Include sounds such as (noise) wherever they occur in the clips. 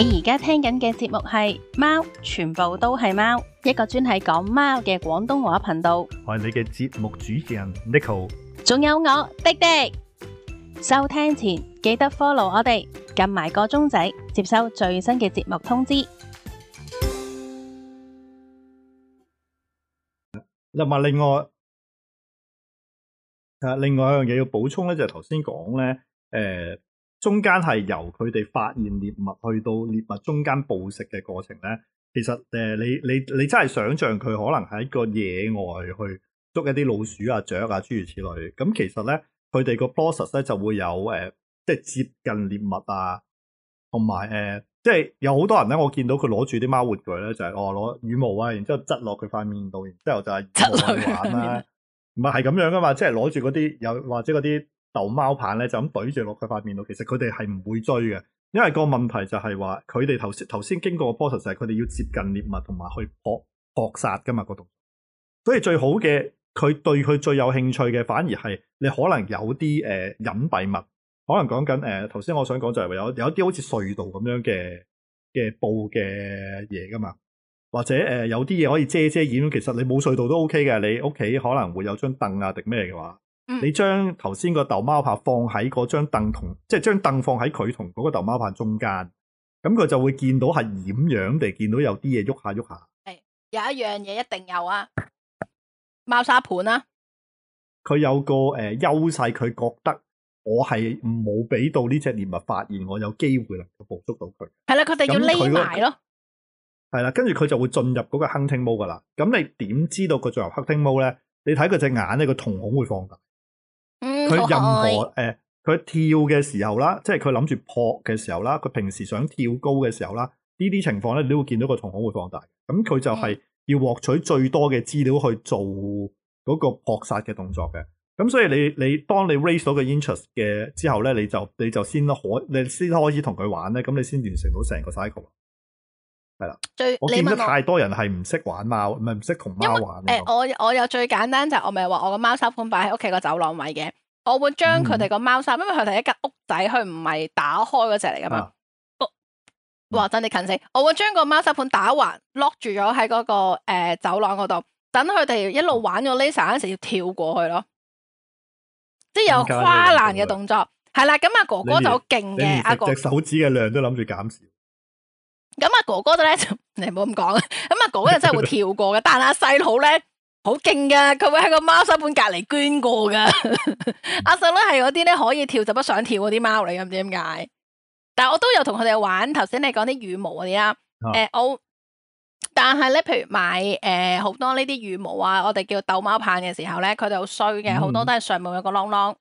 你而家聽緊嘅節目係《貓》，全部都係貓，一個專係講貓嘅廣東話頻道。我係你嘅節目主持人 Neko，仲有我廸廸。收聽前記得 follow 我哋，撳埋個鐘仔，接收最新嘅節目通知。另外另外另外一樣嘢要補充咧，就係頭先講咧，誒。中間係由佢哋發現獵物，去到獵物中間捕食嘅過程咧，其實誒、呃，你你你真係想象佢可能喺個野外去捉一啲老鼠啊、雀啊諸如此類。咁、嗯、其實咧，佢哋個 process 咧就會有誒、呃，即係接近獵物啊，同埋誒，即係有好多人咧，我見到佢攞住啲貓玩具咧，就係、是、哦攞羽毛啊，然之後執落佢塊面度，然之後我就係執落玩啊，唔係係咁樣噶嘛，即係攞住嗰啲又或者嗰啲。牛貓棒咧就咁懟住落佢塊面度，其實佢哋係唔會追嘅，因為個問題就係話佢哋頭先頭先經過嘅 process 係佢哋要接近獵物同埋去搏搏殺㗎嘛，嗰度，所以最好嘅佢對佢最有興趣嘅反而係你可能有啲誒、呃、隱蔽物，可能講緊誒頭先我想講就係話有有啲好似隧道咁樣嘅嘅布嘅嘢㗎嘛，或者、呃、有啲嘢可以遮遮掩，其實你冇隧道都 OK 嘅，你屋企可能會有張凳啊定咩嘅話。你將頭先個逗貓棒放喺嗰張凳同，即係將凳放喺佢同嗰個逗貓棒中間，咁佢就會見到係掩樣地見到有啲嘢喐下喐下。係，有一樣嘢一定有啊，貓砂盤啦。佢有個誒優勢，佢、呃、覺得我係冇俾到呢隻獵物發現我有機會能就捕捉到佢。係啦，佢哋要匿埋咯。係啦，跟住佢就會進入嗰個 hunting mode 噶啦。咁你點知道佢進入 hunting mode 咧？你睇佢隻眼咧，個瞳孔會放大。佢任何誒，佢、欸、跳嘅時候啦，即係佢諗住撲嘅時候啦，佢平時想跳高嘅時候啦，呢啲情況咧，你都會見到個瞳孔會放大。咁佢就係要獲取最多嘅資料去做嗰個撲殺嘅動作嘅。咁所以你你當你 raise 到個 interest 嘅之後咧，你就你就先可，你先可以同佢玩咧。咁你先完成到成個 cycle。係啦，最我見得太多人係唔識玩貓，唔係唔識同貓玩為樣、呃、我我有最簡單就係我咪話我個貓砂盤擺喺屋企個走廊位嘅。我會將佢哋個貓砂，嗯、因為佢哋一間屋仔，佢唔係打開嗰隻嚟噶嘛。啊、哇！真係近死，嗯、我會將個貓砂盤打橫，lock 住咗喺嗰個誒、呃、走廊嗰度，等佢哋一路玩咗。laser 嗰陣時要跳過去咯，即係有跨欄嘅動作。係啦們，咁阿哥哥就好勁嘅，阿哥隻手指嘅量都諗住減少。咁阿哥哥就咧就，你唔好咁講。咁阿哥哥就真係會跳過嘅， (laughs) 但係阿細佬咧。好勁噶，佢會喺個貓砂盆隔籬捐過噶。阿細佬係嗰啲咧可以跳就不想跳嗰啲貓嚟噶，唔知點解。但係我都有同佢哋玩，頭先你講啲羽毛嗰啲啦。誒、啊欸，我但係咧，譬如買誒好、呃、多呢啲羽毛啊，我哋叫逗貓棒嘅時候咧，佢哋好衰嘅，好、嗯、多都係上面有個啷啷，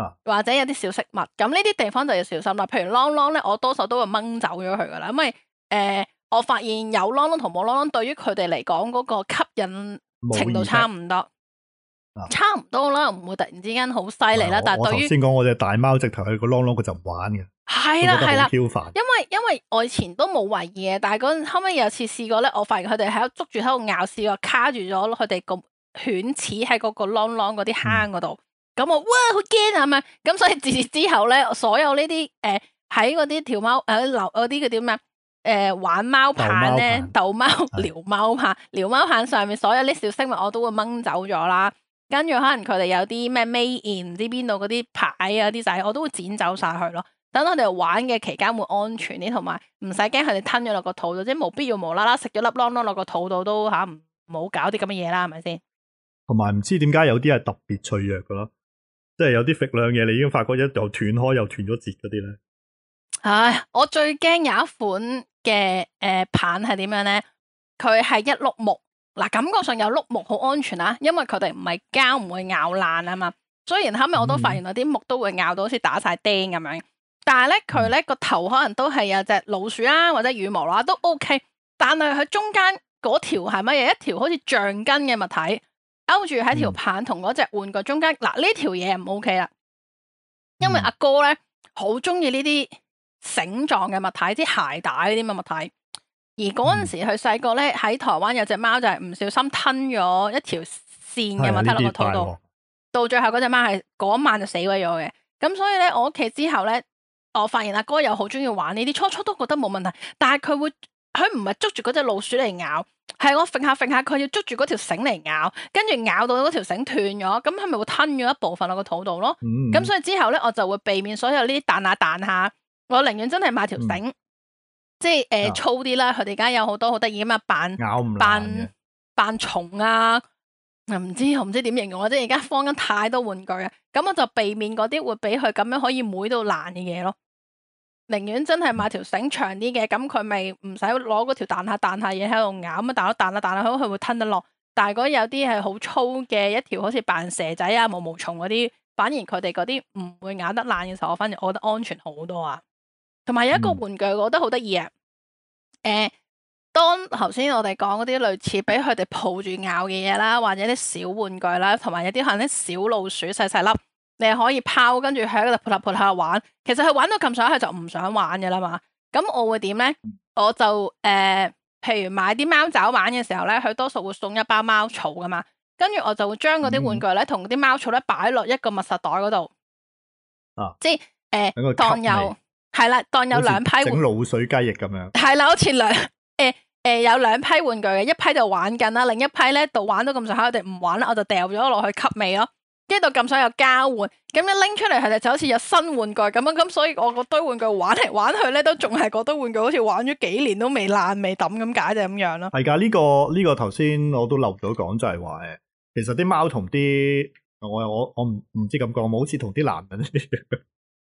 啊、或者有啲小飾物。咁呢啲地方就要小心啦。譬如啷啷咧，我多數都會掹走咗佢噶啦，因為誒。呃我發現有啷啷同冇啷啷，對於佢哋嚟講，嗰、嗰個吸引程度差唔多，啊、差唔多啦，唔會突然之間好犀利啦。但係對於先講我隻大貓直頭佢個啷啷，佢就唔玩嘅，係啦，係啦，因為因為我以前都冇懷疑嘅，但係嗰陣後尾有一次試過咧，我發現佢哋喺度捉住喺度咬，試過卡住咗佢哋個犬齒喺嗰個啷啷嗰啲坑嗰度，咁、嗯、我哇好驚啊咁樣，咁所以自此之後咧，所有呢啲誒喺嗰啲條貓誒流嗰啲佢點誒，玩貓棒咧，逗貓貓、撩貓棒、撩貓是的 棒上面所有啲小生物，我都會掹走咗啦。跟住可能佢哋有啲咩 made in，唔知邊度嗰啲牌啊啲仔，我都會剪走晒去咯。等佢哋玩嘅期間會安全啲，同埋唔使驚佢哋吞咗落個肚度，即係冇必要無啦啦食咗粒啷啷落個肚度都吓，唔好搞啲咁嘅嘢啦，係咪先？同埋唔知點解有啲係特別脆弱噶咯，即係有啲食量嘢，你已經發覺一又斷開又斷咗節嗰啲咧。唉，我最驚有一款嘅，誒、呃、棒係點樣咧？佢係一碌木，嗱，感覺上有碌木好安全啊，因為佢哋唔係膠，唔會咬爛啊嘛。雖然後尾我都發現我啲，嗯、木都會咬到好似打晒釘咁樣，但係咧佢咧個頭可能都係有隻老鼠啦、啊、或者羽毛啦、啊、都 OK，但係佢中間嗰條係乜嘢？一條好似橡筋嘅物體勾住喺條棒同嗰隻玩具中間，嗱，呢條嘢唔 OK 啦，因為阿哥咧好中意呢啲。繩狀嘅物體，啲鞋帶呢啲嘅物體，而嗰陣時佢細個咧喺台灣有隻貓就係唔小心吞咗一條線嘅物體落個肚度，嗯、到最後嗰隻貓係嗰晚就死鬼咗嘅。咁所以咧，我屋企之後咧，我發現阿哥、哥又好中意玩呢啲，初初都覺得冇問題，但係佢會佢唔係捉住嗰隻老鼠嚟咬，係我揈下揈下，佢要捉住嗰條繩嚟咬，跟住咬到嗰條繩斷咗，咁佢咪會吞咗一部分落個肚度咯。咁、嗯嗯、所以之後咧，我就會避免所有呢啲彈下彈下。我寧願真係買條繩，即係誒粗啲啦。佢哋而家有好多好得意噶嘛，扮咬唔爛嘅，扮扮蟲啊，唔知我唔知點形容我即係而家放緊太多玩具啊，咁我就避免嗰啲會俾佢咁樣可以每到爛嘅嘢咯。寧願真係買條繩長啲嘅，咁佢咪唔使攞嗰條彈下彈下嘢喺度咬啊，彈下彈下彈下佢會吞得落。但係嗰有啲係好粗嘅一條，好似扮蛇仔啊、毛毛蟲嗰啲，反而佢哋嗰啲唔會咬得爛嘅時候，我反而我覺得安全好多啊。同埋有一個玩具，我覺得好得意啊！誒、嗯，當頭先我哋講嗰啲類似俾佢哋抱住咬嘅嘢啦，或者啲小玩具啦，同埋有啲可能啲小老鼠細細粒，你可以拋，跟住喺嗰度撲下撲下玩。其實佢玩到咁上下，佢就唔想玩嘅啦嘛。咁我會點咧？我就誒、呃，譬如買啲貓爪玩嘅時候咧，佢多數會送一包貓草噶嘛。跟住我就會將嗰啲玩具咧，同啲貓草咧，擺落一個密實袋嗰度。嗯、啊！即係誒，當有。係啦，當有兩批玩具，整滷水雞翼咁樣。係啦，好似兩誒誒有兩批玩具嘅、欸欸，一批就玩緊啦，另一批咧到玩到咁上下，我哋唔玩啦，我就掉咗落去吸味咯。跟住到咁上下又交換，咁一拎出嚟係就，好似有新玩具咁樣。咁所以我個堆玩具玩嚟玩去咧，都仲係個堆玩具好似玩咗幾年都未爛未抌咁解就咁樣咯。係噶，呢個呢個頭先我都漏到講，就係話誒，其實啲貓同啲我我我唔唔知咁講冇，我好似同啲男人 (laughs)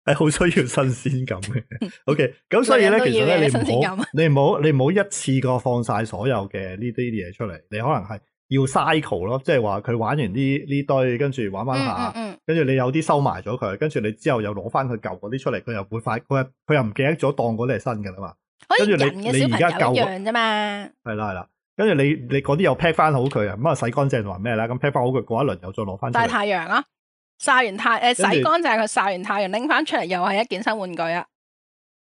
係好需要新鮮感嘅 (laughs) ，OK。咁所以咧，其實咧，你唔好，你唔好，你唔好一次過放晒所有嘅呢啲嘢出嚟。你可能係要 cycle 咯，即係話佢玩完呢呢堆，跟住玩玩下、嗯嗯嗯，跟住你有啲收埋咗佢，跟住你之後又攞翻佢舊嗰啲出嚟，佢又會快，佢佢又唔記得咗當嗰啲係新嘅啦嘛。跟住你你、那個、而家一樣啫嘛。係啦係啦，跟住你你嗰啲又 pack 翻好佢啊，咁啊洗乾淨就話咩啦？咁 pack 翻好佢，嗰一輪又再攞翻。大太陽啊！曬完太誒洗乾淨佢曬完太陽拎返出嚟又係一件新玩具啦，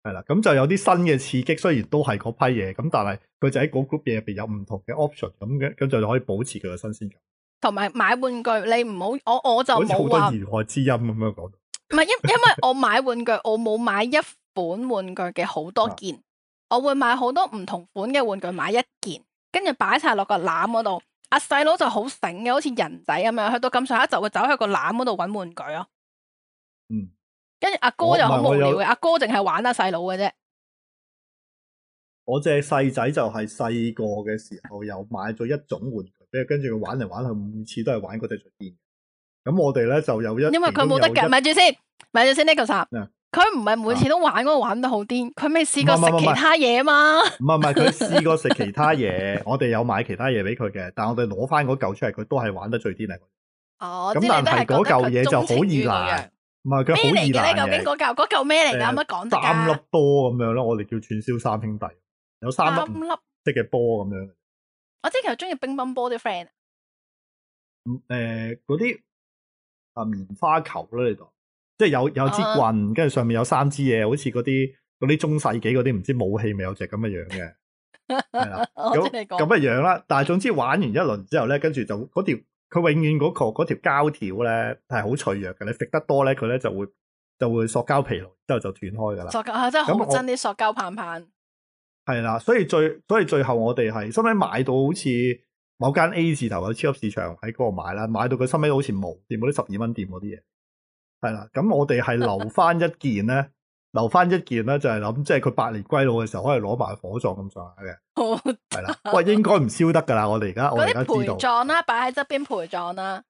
係啦，咁就有啲新嘅刺激，雖然都係嗰批嘢，咁，但係佢就喺嗰 group 入邊有唔同嘅 option 咁嘅，咁就可以保持佢嘅新鮮感。同埋買玩具你唔好，我我就冇話言外之音咁樣講，唔係因為因為我買玩具， (laughs) 我冇買一本玩具嘅好多件，的我會買好多唔同款嘅玩具買一件，跟住擺晒落個籃嗰度。阿細佬就好醒嘅，好似人仔咁樣，去到咁上下就會走去個籃嗰度搵玩具咯。嗯，跟住阿哥就好無聊嘅，阿哥淨係玩阿細佬嘅啫。我隻細仔就係細個嘅時候，又買咗一種玩具， (laughs) 跟住佢玩嚟玩去，每次都係玩嗰隻最嘅。咁我哋咧就有一，因為佢冇得夾，咪住先，咪住先呢個十。會會佢唔係每次都玩，我、啊、玩得好癲。佢未試過食其他嘢嘛？唔係唔係，佢試過食其他嘢。 (laughs) 我哋有買其他嘢俾佢嘅，但係我哋攞翻嗰嚿出嚟，佢都係玩得最癲嚟。哦，咁但係嗰嚿嘢就好易爛。唔係佢好易爛，究竟嗰嚿咩嚟噶？乜講得？三粒波咁樣咯，我哋叫串燒三兄弟，有三粒即嘅波咁樣。粒我即係其實中意乒乓波啲 friend。嗯，誒、呃，嗰啲啊棉花球咯，呢度。即係有有支棍，跟住上面有三支嘢，好似嗰啲啲中世紀嗰啲唔知武器這樣的，咪有隻咁嘅樣嘅，係啦。咁咁嘅樣啦，但係總之玩完一輪之後咧，跟住就嗰條佢永遠嗰個嗰條膠條咧係好脆弱嘅，你食得多咧，佢咧就會就會塑膠疲勞，之後就斷開噶啦。塑膠啊，真係好真啲塑膠棒棒。係啦，所以最所以最後我哋係收尾買到好似某間 A 字頭嘅超級市場喺嗰度買啦，買到佢收尾好似冇掂嗰啲十二蚊店嗰啲嘢。係啦，咁我哋係留翻一件咧， (laughs) 留翻一件啦，就係、是、諗，即係佢百年歸老嘅時候，可以攞埋火葬咁上下嘅。哦， (laughs) 係啦，不過應該唔燒得噶啦，我哋而家我而家知道陪葬啦、啊，擺喺側邊陪葬啦、啊。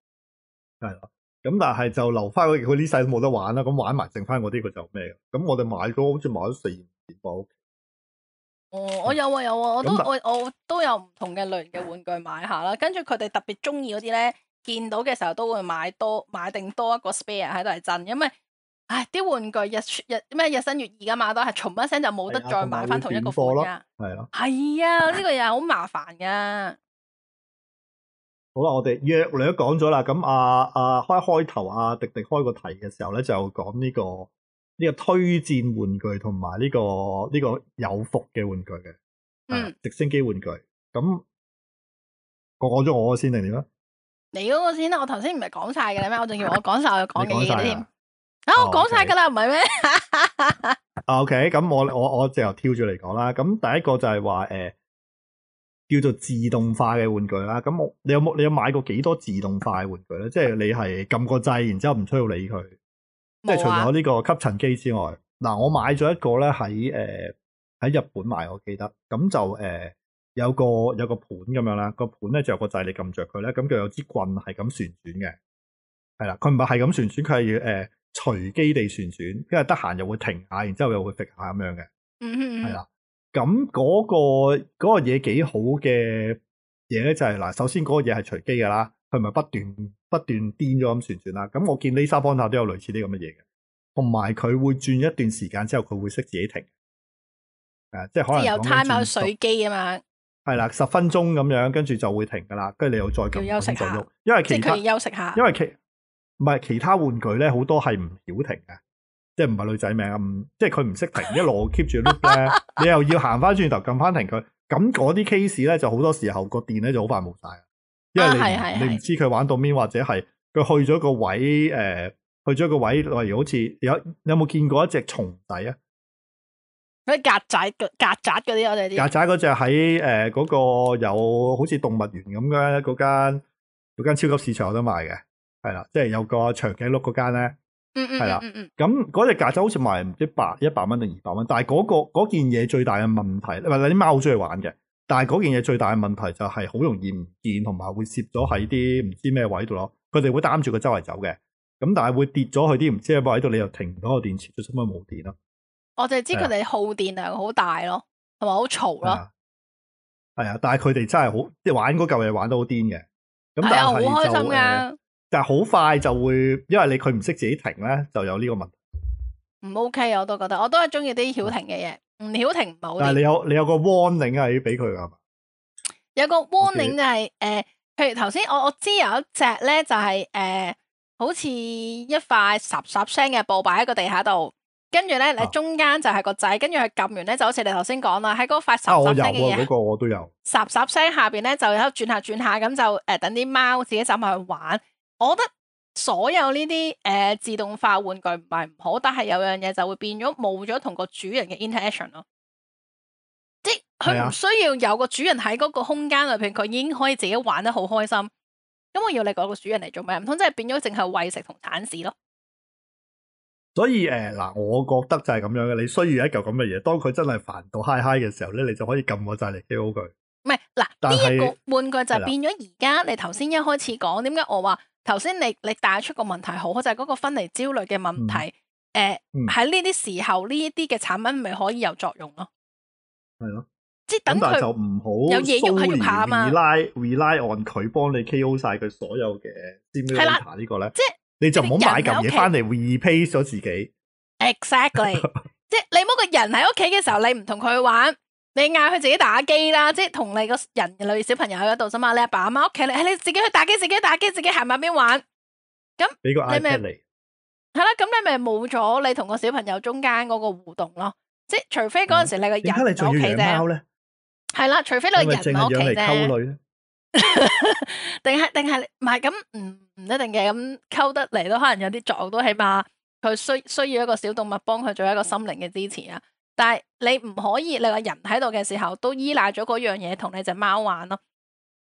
係啦，咁但係就留翻佢，佢呢世都冇得玩啦。咁玩埋，剩翻嗰啲佢就咩？咁我哋買咗，好似買咗四五百。哦，我有啊，有啊是，我都我我都有唔同嘅類型嘅玩具買下啦。跟住佢哋特別中意嗰啲咧。見到嘅時候都會買多買定多一個 spare 喺度嚟震，因為唉啲玩具日日咩日，日新月異噶嘛，都係從一聲就冇得再買翻同一個貨、啊、咯，係咯，係啊，呢、 (laughs) 啊這個又係 (laughs) 好麻煩噶。好啦，我哋約都講咗啦，咁阿阿開開頭阿、啊、迪迪開個題嘅時候咧，就講呢、這個呢、這個推薦玩具同埋呢個呢、這個有福嘅玩具嘅，嗯、啊，直升機玩具，咁我講咗我先定點啊？你嗰個先啦，我頭先唔係講晒嘅咩？我仲要我講晒，我講幾嘢添啊！我講晒噶啦，唔係咩？OK，咁我我我即係跳住嚟講啦。咁第一個就係話誒，叫做自動化嘅玩具啦。咁你有冇你有買過幾多自動化嘅玩具咧？ (laughs) 即係你係撳個掣，然之後唔需要理佢。即係除咗呢個吸塵機之外，嗱，我買咗一個咧喺誒喺日本買，我記得咁就誒。欸有個有個盤咁樣啦，個盤咧就有個掣，你撳著佢咧，咁就有支棍係咁旋轉嘅，係啦，佢唔係係咁旋轉，佢係要誒隨機地旋轉，跟住得閒又會停下，然之後又會揈下咁樣嘅，係啦。咁、那、嗰個嗰、那個嘢幾、那個、好嘅嘢咧，就係、是、嗱，首先嗰個嘢係隨機噶啦，佢唔係不斷不斷顛咗咁旋轉啦。咁我見呢 i 方 a 都有類似啲咁嘅嘢嘅，同埋佢會轉一段時間之後，佢會識自己停。誒，即係可能講講。即有 time 啊速，隨機啊嘛。係啦，十分鐘咁樣，跟住就會停噶啦，跟住你又再撳，再喐。即係佢休息下，因為其唔係其，其他玩具咧，好多係唔曉停嘅，即係唔係女仔名，即係佢唔識停， (laughs) 一路 keep 住碌咧， (laughs) 你又要行翻轉頭撳翻停佢，咁嗰啲 case 咧就好多時候個電咧就好快冇晒。因為你係係，啊、你唔知佢玩到邊或者係佢去咗個位，誒、呃，去咗個位，例如好似有你有冇見過一隻蟲仔啊？啲曱甴曱甴嗰啲，我哋啲曱甴嗰隻喺誒嗰個有好似動物園咁嘅嗰間嗰間超級市場有得賣嘅，係啦，即係有個長頸鹿嗰間咧，係啦嗯嗯嗯嗯嗯，咁嗰隻曱甴好似賣唔知百一百蚊定二百蚊，但係嗰、嗰個嗰件嘢，最大嘅問題，唔係你啲貓中意玩嘅，但係嗰件嘢最大嘅問題就係好容易唔見，同埋會攝咗喺啲唔知咩位度咯，佢哋會擔住個周圍走嘅，咁但係會跌咗去啲唔知咩位度，你又停唔到個電池，使乜冇電啦。我就係知佢哋耗電量好大咯，同埋好嘈咯。係啊，啊，但係佢哋真係好，即係玩嗰嚿嘢，玩得好癲嘅。係啊，我好開心噶、呃。但係好快就會，因為你佢唔識自己停咧，就有呢個問題。唔 OK 啊！我都覺得，我都係中意啲曉停嘅嘢。唔曉、嗯、停冇。但係你有你有個 warning 係要俾佢噶，係嘛？有個 warning 係嘛？就係、是、誒、呃，譬如頭先我我知有一隻咧就係、是、誒、呃，好似一塊雜雜聲嘅布擺喺個地下度。跟住咧，你中間就係個掣，跟住佢撳完咧，就好似你頭先講啦，喺嗰塊嘈雜聲嗰、啊啊嗰個我都有。十十聲下邊咧，就喺轉下轉下，咁就誒、呃、等啲貓自己走埋去玩。我覺得所有呢啲誒自動化玩具唔係唔好，但係有樣嘢就會變咗冇咗同個主人嘅 interaction 咯。即係佢唔需要有個主人喺嗰個空間裏邊，佢已經可以自己玩得好開心。咁我要你個主人嚟做咩？唔通真係變咗淨係餵食同鏟屎咯？所以誒嗱、呃，我覺得就係咁樣嘅，你需要一嚿咁嘅嘢。當佢真係煩到嗨嗨嘅時候咧，你就可以撳個掣嚟 K.O 佢。唔係嗱，但係是換個就變咗而家。的你頭先一開始講，點解我話頭先你你帶出個問題好，就係、是、嗰個分離焦慮嘅問題。誒、嗯，喺呢啲時候呢一啲嘅產品，咪可以有作用咯。係咯的，即係等佢就有嘢用佢用下啊嘛。Rely rely on 佢幫你 K.O 晒佢所有嘅。個呢個咧即你就唔好買咁嘢翻嚟，會二 pay 咗自己。Exactly， (laughs) 即係你冇個人喺屋企嘅時候，你唔同佢玩，你嗌佢自己打機啦，即係同你個人類小朋友喺度啫嘛。你阿爸阿媽屋企，你你自己去打機，自己打機，自己行埋邊玩。咁你咪係啦，咁你咪冇咗你同個小朋友中間嗰個互動咯。即係除非嗰陣時你個人喺屋企啫，係啦，除非你個人喺屋企定係定係，唔係咁唔唔一定嘅。咁、嗯、溝得嚟都可能有啲作用，都起碼佢需需要一個小動物幫佢做一個心靈嘅支持啊。但係你唔可以，你個人喺度嘅時候都依賴咗嗰樣嘢同你隻貓玩咯。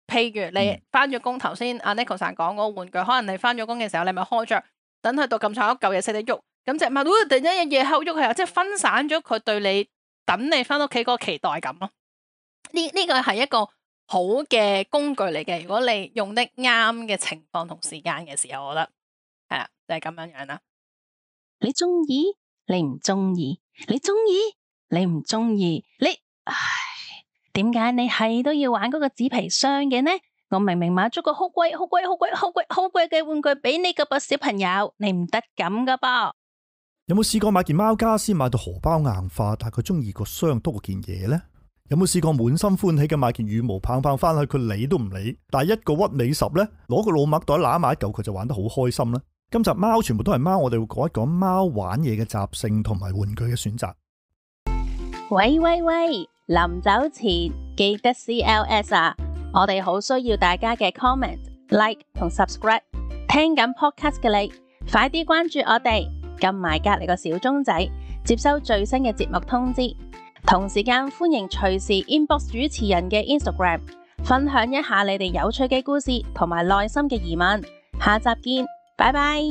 譬如你翻咗工頭先，阿 Neko 講嗰個玩具，可能你翻咗工嘅時候，你咪開着，等佢到咁坐喺屋，舊嘢識得喐。咁隻貓，突然一夜黑喐佢啊，即係分散咗佢對你等你翻屋企嗰個期待感咯。呢呢、這個係一個。好嘅工具嚟嘅，如果你用得啱嘅情況同時間嘅時候，我覺得係啦，就係、是、咁樣樣啦。你鍾意？你唔鍾意？你鍾意？你唔鍾意？你唉，點解你係都要玩嗰個紙皮箱嘅呢？我明明買咗個好貴、好貴、好貴、好貴、好貴嘅玩具俾你㗎噃，小朋友，你唔得咁㗎噃？有冇試過買件貓傢私買到荷包硬化，但係佢鍾意個箱多過件嘢咧？有冇試過滿心歡喜嘅買件羽毛棒棒翻去，佢理都唔理？但係一個屈你十呢，攞個老麥袋揦埋一嚿，佢就玩得好開心啦。今集貓全部都係貓，我哋會講一講貓玩嘢嘅習性同埋玩具嘅選擇。喂喂喂！臨走前記得 CLS 啊！我哋好需要大家嘅 comment、like 同 subscribe。聽緊 podcast 嘅你，快啲關注我哋，撳埋隔籬個小鐘仔，接收最新嘅節目通知。同時間，歡迎隨時 inbox 主持人嘅 Instagram，分享一下你哋有趣嘅故事同埋內心嘅疑問。下集見，拜拜。